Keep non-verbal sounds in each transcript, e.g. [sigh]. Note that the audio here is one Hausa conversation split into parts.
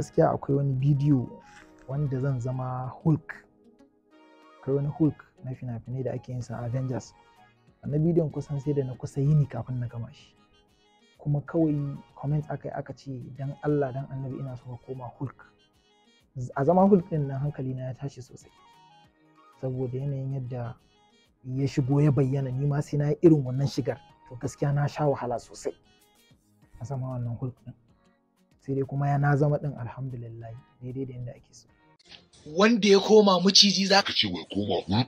gaskiya akwai wani bidiyo wanda zan zama hulk akwai wani hulk na fina-finai da ake yin sa avengers na bidiyon kusan sai da na kusa yini kafin na gama shi kuma kawai comment aka yi aka ce dan allah dan annabi ina so ka koma hulk a zama hulk din nan hankali na ya tashi sosai saboda yanayin yadda ya shigo ya bayyana ni ma sai na yi irin wannan shigar to gaskiya na sha wahala sosai a zama wannan hulk din sai dai kuma ya na zama din alhamdulillah daidai da yadda ake so wanda ya koma maciji za ka ce wai koma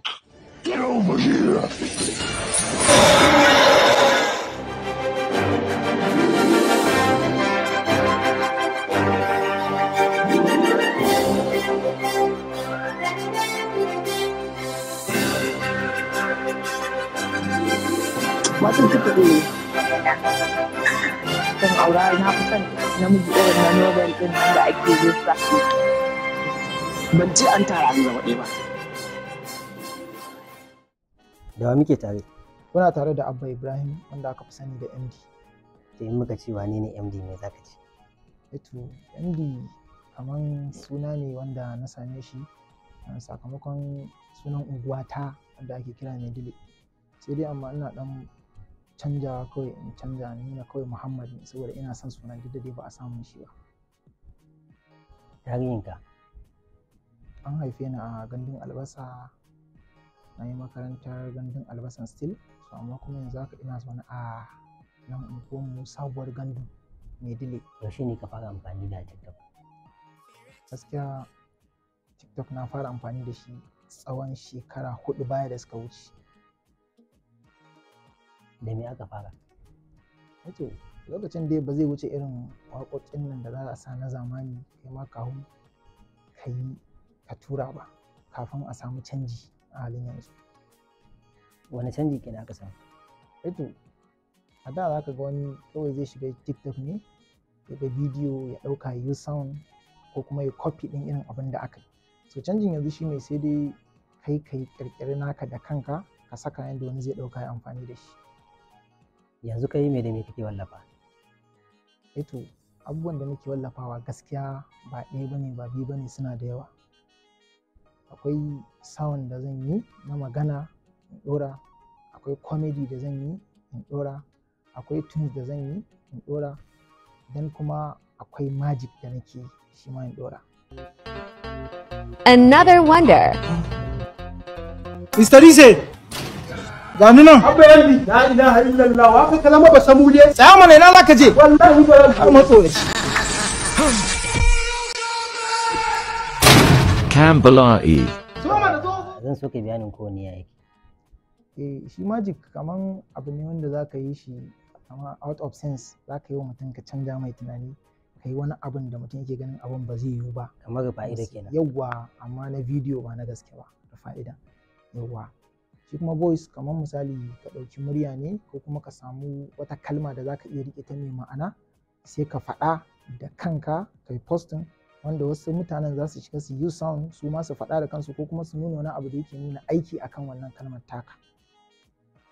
Thank you. kan aura na kusan namiji irin na nobel din da ake sa ban ji an tara ni zama ɗaya ba da wa muke tare kuna tare da abba ibrahim wanda aka fi sani da md da yi muka cewa ne ne md me zaka ce eto eh md kaman suna ne wanda na same shi ah, sakamakon sunan unguwa ta wanda ake kira mai dile sai dai amma ina dan canjawa kawai in canja na kawai Muhammad ne saboda ina son sunan duk da dai ba a samu shi ba. ka. An haife ni a gandun albasa na yi makarantar gandun albasan still so amma kuma yanzu haka ina zaune a nan unguwar mu sabuwar gandun Medile. Yaushe ne ka fara amfani da TikTok? Gaskiya TikTok na fara amfani da shi tsawon shekara hudu baya da suka wuce. da me aka fara wato eh lokacin dai ba zai wuce irin waƙoƙin nan da za a sa na zamani kai ma kawo ka yi ka tura ba kafin a samu canji a halin yanzu wani canji ke aka samu Ito, eh a da za ka ga wani kawai zai shiga tiktok ne ya ga bidiyo ya ɗauka ya sound ko kuma ya copy ɗin irin abin da aka yi so canjin yanzu shi ne sai dai kai ka yi ƙirƙiri naka da kanka ka saka yadda wani zai ɗauka ya amfani da shi yanzu kai me da me kake wallafa eto eh abubuwan da nake wallafawa gaskiya ba ɗaya bane ba biyu bane suna da yawa akwai sound da zan yi na magana in ɗora akwai comedy da zan yi in ɗora akwai tunes da zan yi in ɗora dan kuma akwai magic da nake shi ma in ɗora another wonder Mr. Rise! Ga ni nan. Abba yandi. La ilaha illallah wa ka kalama ba samu je. Tsaya mana ina zaka je? Wallahi ba zan kuma tsoraci. Can bala'i. Zan so ka bayanin ko ne yake. Eh shi magic kaman abu ne wanda zaka yi shi amma out of sense zaka yi wa mutum ka canja mai tunani. kai wani abin da mutum yake ganin abin ba zai yiwu ba kamar fa'ida kenan yawwa amma na bidiyo ba na gaske ba da fa'ida yawwa shi kuma voice kamar misali ka ɗauki murya ne ko kuma ka samu wata kalma da za ka iya riƙe ta mai ma'ana sai ka faɗa da kanka kai postin wanda wasu mutanen zasu shiga su use sound su ma su faɗa da kansu ko kuma su nuna wani abu da yake nuna aiki akan wannan kalmar taka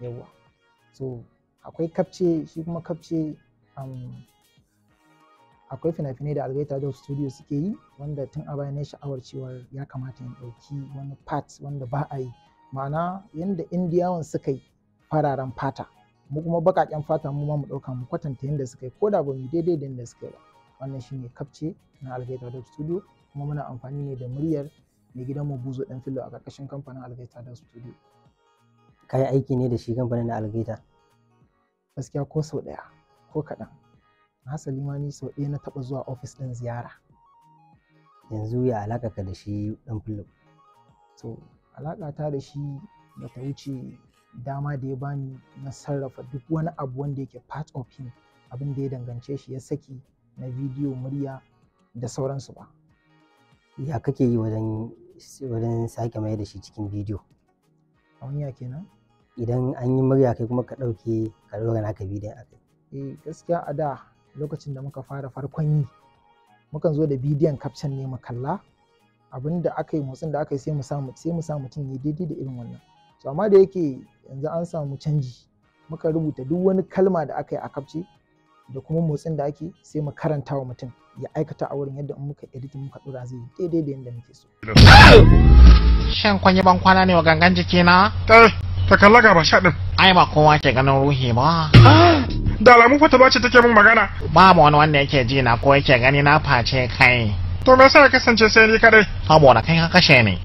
yawa so akwai kapce shi kuma kapce um, akwai fina-finai da algaita da studio suke yi wanda tun a baya na sha'awar cewa ya kamata in ɗauki wani part wanda ba a yi ma'ana yadda indiyawan suka yi fararen fata mu kuma baƙaƙen fata mu ma mu ɗauka mu kwatanta yadda suka yi ko da ba mu daidai da yadda suka yi ba wannan shine kafce na algaita dot studio kuma muna amfani ne da muryar mai gidan mu buzo dan filo a ƙarƙashin kamfanin algaita dot studio kai aiki ne da shi kamfanin na algaita gaskiya ko sau ɗaya ko kaɗan hasali ma ni sau ɗaya na taɓa zuwa ofis ɗin ziyara yanzu ya alaƙa ka da shi ɗan filo so alaƙata da shi ba ta wuce dama da ya bani na sarrafa duk wani abu wanda yake part of him abin da ya dangance shi ya saki na bidiyo murya da sauransu ba ya kake yi wajen sake mai da shi cikin bidiyo A hanya kenan idan an yi murya kai kuma ka ɗauke ka ɗora naka bidiyon a kai eh gaskiya a da lokacin da muka fara farkon yi mukan zo da bidiyon caption ne mu kalla abin da aka yi motsin da aka yi sai mu sa sai mu mutum ya daidai da irin wannan to amma da yake yanzu an samu canji muka rubuta duk wani kalma da aka yi a kafce da kuma motsin da ake sai mu karanta wa mutum ya aikata a wurin yadda in muka edit muka dora zai daidai da yadda muke so shan kwanye ban kwana ne wa gangan jiki na eh, ta kalla ga ba shaɗin. ai ba kowa ke ganin ruhi ba da alamun fata ba ce take mun magana babu wani wanda yake ji na ko yake gani na face kai To me yasa kasance sai ni kadai? na kai ka kashe ni.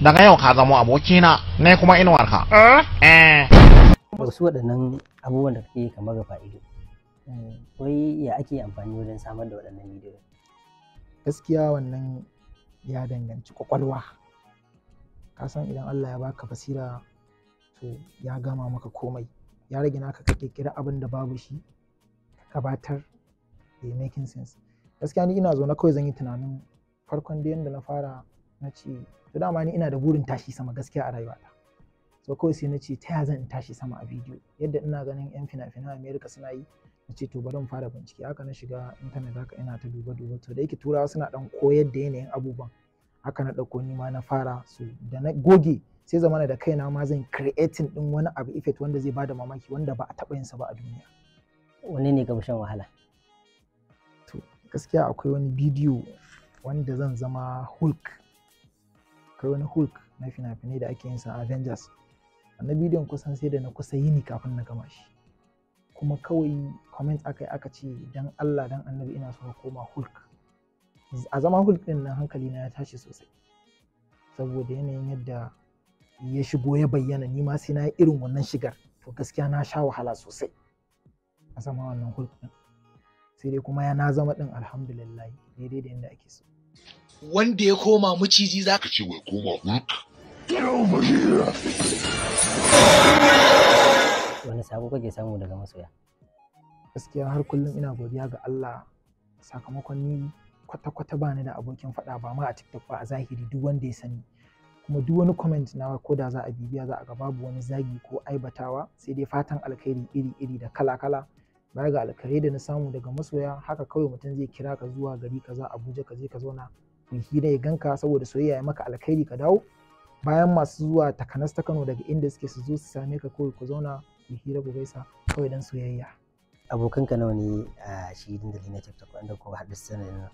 Daga yau ka zamo abokina, ne kuma ka Eh. Wasu waɗannan abubuwan da kake kamar rufa ido. Eh, wai ya ake amfani wajen samar da waɗannan bidiyo? Gaskiya wannan ya danganci kwakwalwa. Ka san idan Allah ya baka basira to ya gama maka komai. Ya rage naka ka kirkira abin da babu shi ka gabatar da eh, making sense. gaskiya ni ina zaune kawai zan yi tunanin farkon da yanda na fara na ce to dama ni ina da burin tashi sama gaskiya a rayuwata so kawai sai na ce ta ya zan tashi sama a bidiyo yadda ina ganin yan fina-finan Amerika suna yi na ce to bari in fara bincike haka na shiga intanet haka ina ta duba duba to da yake turawa suna dan koyar da yanayin abubuwan haka na ɗauko ni ma na fara su. da na goge sai zamana da kaina ma zan creating din wani abu effect wanda zai bada mamaki wanda ba a taɓa yinsa ba a duniya wani ne ga wahala gaskiya akwai wani bidiyo wanda zan zama hulk akwai wani hulk na fina-finai da ake yin sa avengers na bidiyon kusan sai da na kusa yini kafin na gama shi kuma kawai comment aka yi aka ce dan allah dan annabi ina so koma hulk a zama hulk din nan hankali na ya tashi sosai saboda yanayin yadda ya shigo ya bayyana ni ma sai na yi irin wannan shigar to gaskiya na sha wahala sosai a zama wannan hulk din sai dai kuma ya na zama din alhamdulillah daidai da inda ake so wanda ya koma muciji za ka ce wai koma wani sako kake samu daga masoya gaskiya har kullum ina godiya ga Allah sakamakon ni kwata-kwata bani da abokin faɗa ba ma a tiktok ba a zahiri duk wanda ya sani kuma duk wani comment na ko da za a bibiya za a ga babu wani zagi ko aibatawa sai dai fatan alkhairi iri-iri da kala-kala baya ga alkhairai da na samu daga masoya haka kawai mutum zai kira ka zuwa gari kaza Abuja ka je ka zauna ku hira ya ganka saboda soyayya ya maka alkhairi ka dawo bayan masu zuwa takanas ta Kano daga inda suke su zo su same ka kawai ku zauna ku hira ku gaisa kawai dan soyayya abokan ka nawa ne a shi da na TikTok wanda ko har sanin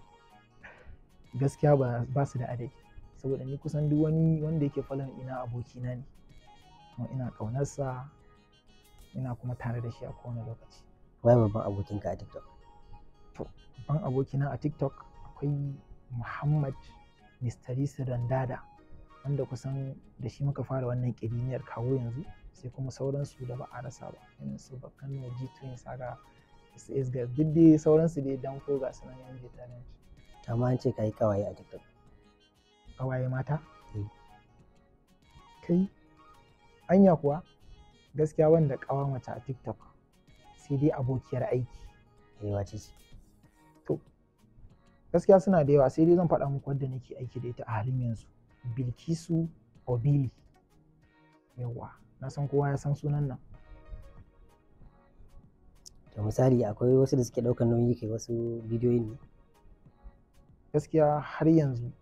gaskiya ba ba su da adadi saboda ni kusan duk wani wanda yake falon ina abokina ne kuma ina kaunarsa ina kuma tare da shi a kowane lokaci Wai babban abokinka a TikTok? To, babban abokina a TikTok akwai Muhammad Mistarisi Randada wanda kusan da shi muka fara wannan ƙiriniyar kawo yanzu sai kuma sauransu da ba a rasa ba irin su Bakano G20 Saga SS ga duk dai sauransu dai dan ko ga sunan yan je Ta Amma an ce ka yi kawaye a TikTok. Kawaye mata? Eh. Kai, anya kuwa gaskiya wanda kawa mata a TikTok sai dai abokiyar aiki eh wace ce to gaskiya suna da yawa sai dai zan faɗa muku wadda nake aiki da ita a halin yanzu bilkisu obili yawa na san kowa ya san sunan nan to misali akwai wasu da suke ɗaukar nauyi kai wasu bidiyoyin ne gaskiya har yanzu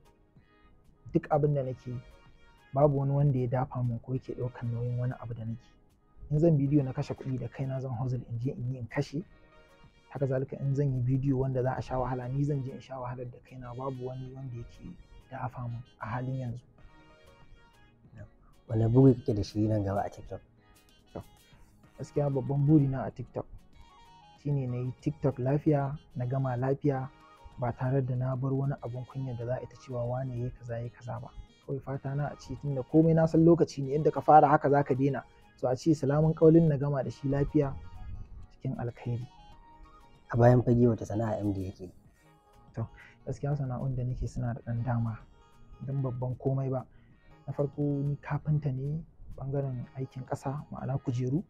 duk abin da nake babu wani wanda ya dafa min ko yake ɗaukar nauyin wani abu da nake in zan bidiyo na kashe kuɗi da kaina zan hozul in je in yi in kashe haka zalika in zan yi bidiyo wanda za a sha wahala ni zan je in sha wahalar da kaina babu wani wanda yake da mu a halin yanzu wani buri kake da shi nan gaba a tiktok gaskiya babban burina a tiktok shine na yi tiktok lafiya na gama lafiya ba tare da na bar wani abun kunya da za a ita cewa wane ya kaza ya kaza ba kawai fata na a ce tunda komai na san lokaci ne yadda ka fara haka za ka daina so a ce salamun kaulin na gama da shi lafiya cikin alkhairi a bayan fage wata sana'a MD yake to gaskiya sana'un da nake suna da dan dama dan babban komai ba na farko ni kafinta ne bangaren aikin ƙasa ma'ana kujeru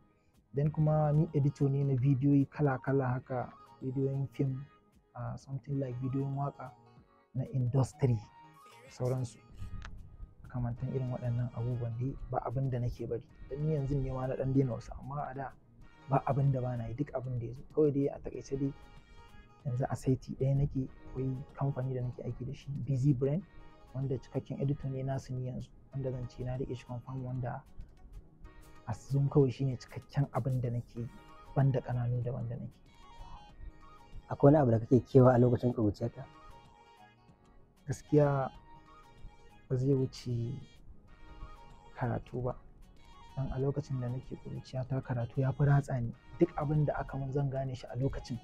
dan kuma ni edito ne na bidiyoyi kala-kala haka bidiyoyin fim uh, something like bidiyoyin waka na industry sauransu kamantan irin waɗannan abubuwan dai ba abin da nake bari dan ni yanzu ne ma na dan daina wasu amma a da ba abin da ba na yi duk abin da ya zo kawai dai a takaice dai yanzu a saiti ɗaya nake akwai kamfani da nake aiki da shi busy brain wanda cikakken editor ne nasu ni yanzu wanda zan ce na riƙe shi confirm wanda a zoom kawai shine cikakken abin da nake da ƙananu da wanda nake akwai wani abu da kake kewa a lokacin ƙuruciyarka gaskiya ba zai wuce karatu ba don a lokacin da nake kuruciya ta karatu ya fi ratsa ni duk abin da aka mun zan gane shi a lokacin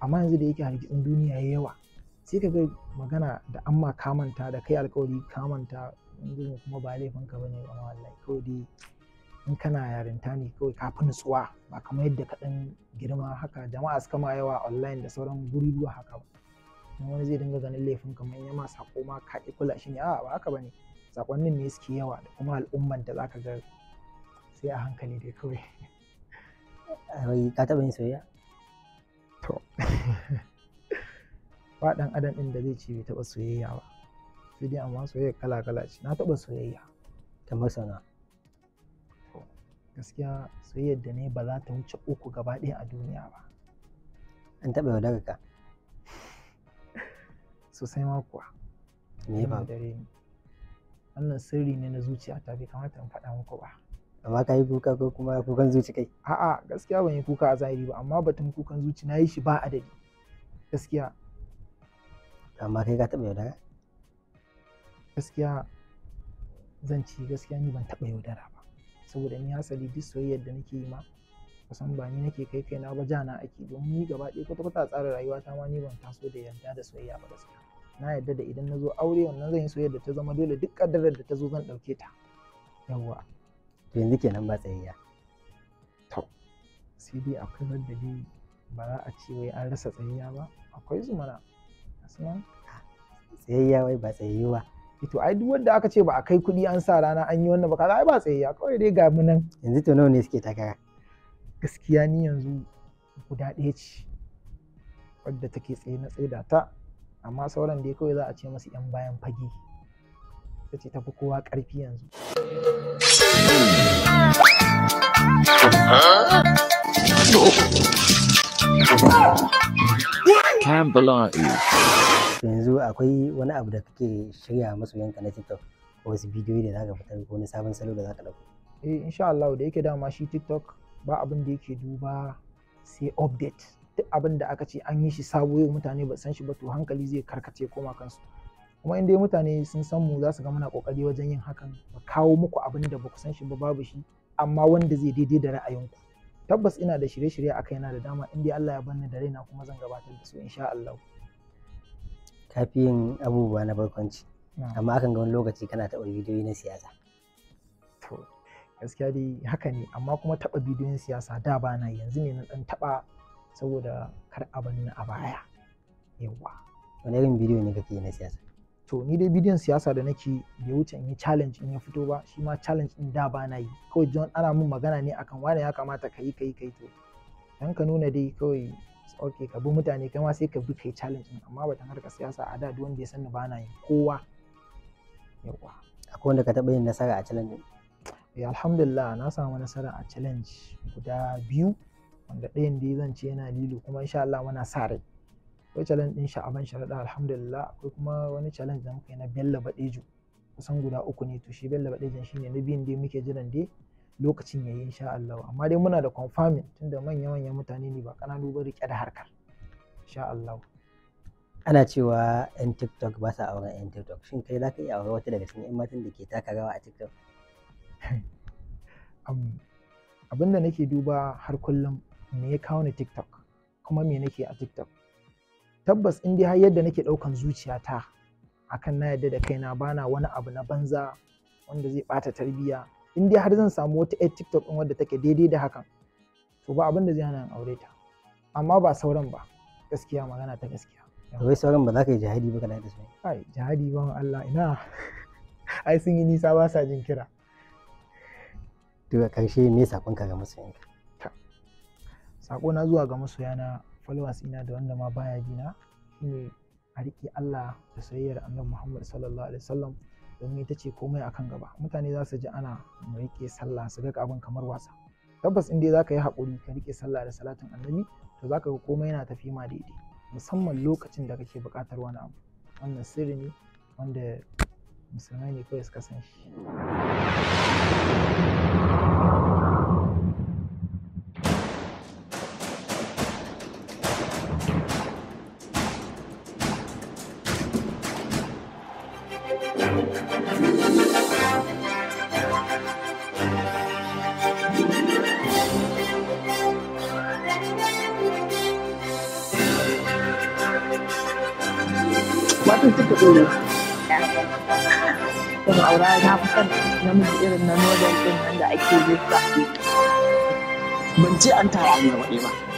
amma yanzu da yake hargitsin duniya ya yawa sai ka ga magana da amma kamanta da kai alkawari kamanta in kuma ba laifin ka bane ba wallahi kawai dai in kana yarinta ne kawai ka fi nutsuwa ba kamar yadda ka ɗan girma haka jama'a suka ma yawa online da sauran guri ruwa haka ba kuma wani zai dinga ganin laifin kamar yamma sako ma ka kula shi ne a'a ba haka bane sakonnin ne suke yawa da kuma al'umman da ka ga sai a hankali dai kawai [laughs] wai ka taɓa yin soyayya to [laughs] ba ɗan adam ɗin da zai ce bai taɓa soyayya ba sai dai amma soyayya kala kala ce na taɓa soyayya ta masana gaskiya soyayyar da ne ba za ta wuce uku gaba ɗaya a duniya ba an taɓa daga ka [laughs] sosai ma kuwa ne ba wannan sirri ne na zuciya ta bai kamata in faɗa muku ba amma ka yi kuka ko kuma kukan zuci kai a'a gaskiya ban yi kuka a zahiri ba amma batun kukan zuci na yi shi ba adadi gaskiya amma kai ka taɓa yaudara gaskiya zan ci gaskiya ni ban taɓa yaudara ba saboda ni hasali duk soyayyar da nake yi ma kusan ba ni nake kai kai na ba jana ake domin ni gaba ɗaya kwata kwata tsara rayuwa ta ma ni ban taso da yarda da soyayya ba gaskiya na yarda da idan na zo aure wannan zan yi soyayyar da ta zama dole duk kadarar da ta zo zan ɗauke ta yawwa yanzu kenan ba tsayayya to sai dai akwai wanda ne ba za a ce wai an rasa tsayayya ba akwai zumana asinan tsayayya wai ba tsayayyuwa eh to ai duk wanda aka ce ba a kai kuɗi an sa rana an yi wannan ba kaza ai ba tsayayya kawai dai ga mu nan yanzu to nawa ne suke takara gaskiya ni yanzu guda ɗaya ce wadda take tsaye na tsaida ta amma sauran dai kawai za a ce masu yan bayan fage ta ce tafi kowa ƙarfi yanzu yanzu akwai wani abu da kake shirya yanka na TikTok ko wasu bidiyoyi da zaka fitar ko wani sabon salo da zaka dauko eh insha Allah da yake dama shi TikTok ba abin da yake duba sai update duk abin da aka ce an yi shi sabo mutane ba san shi ba to hankali zai karkace koma kansu kuma in dai mutane sun san mu za su ga muna kokari wajen yin hakan mu kawo muku abin da baku san shi ba babu shi amma wanda zai daidai da ra'ayinku tabbas ina da shirye-shirye a kaina da dama in dai Allah ya bani da raina kuma zan gabatar da su insha Allah kafi yin abubuwa na barkwanci amma akan ga wani lokaci kana taɓa bidiyoyi na siyasa to gaskiya dai haka ne amma kuma taɓa bidiyon siyasa da ba na yanzu ne na ɗan taɓa saboda kar a banni a baya yawa wani irin bidiyo ne kake na siyasa to ni dai bidiyon siyasa da nake bai wuce in yi challenge in ya fito ba shi ma challenge in da ba na yi kawai john ana min magana ne akan wane ya kamata ka yi ka yi ka yi to dan ka nuna dai kawai ok ka bi mutane kai ma sai ka bi kai challenge din amma batan harka siyasa a da duk wanda ya san ni ba na yi kowa yawa akwai wanda ka taɓa yin nasara a challenge eh alhamdulillah na samu nasara a challenge guda biyu wanda ɗayan dai zan ce yana lilo kuma insha Allah muna sa rai akwai challenge din sha'aban sharaɗa alhamdulillah akwai kuma wani challenge da muka na bello baɗejo kusan guda uku ne to shi bello baɗejin shine na biyun dai muke jiran dai lokacin yayi insha Allah amma dai muna da confirming tunda manya-manyan mutane ne ba kananu ba rike da harkar insha Allah ana cewa 'yan tiktok ba sa auren 'yan tiktok shin kai za ka iya auren wata daga cikin 'yan matan da ke taka rawa a tiktok [laughs] abinda nake duba har kullum me ya kawo ni tiktok kuma me nake a tiktok tabbas in dai har yadda nake ɗaukan zuciyata akan na yadda da kaina bana wani abu na banza wanda zai ɓata tarbiyya in dai har zan samu wata yar tiktok ɗin wadda take daidai da hakan to ba abin da zai hana in aure ta amma ba sauran ba gaskiya magana ta gaskiya wai sauran ba za ka yi jihadi ba kana da su ai jihadi ban Allah ina [laughs] ai sun yi nisa ba sa jin kira daga karshe me sakonka ga masoyanka sakona zuwa ga masoyana followers ina da wanda ma baya shine hmm. a riƙe Allah da soyayyar annabi Muhammad sallallahu alaihi wasallam domin ita ce komai akan gaba mutane za su ji ana mu riƙe sallah su ga abin kamar wasa tabbas in dai zaka yi haƙuri ka riƙe sallah da salatin annabi to za ka ga komai yana tafi ma daidai musamman lokacin da kake buƙatar wani abu wannan sirri ne wanda musulmai ne kawai suka san shi matan suka dole kuma [laughs] aura na fi son namiji irin na northern din nan da ake zuwa ban ce an tara ne ba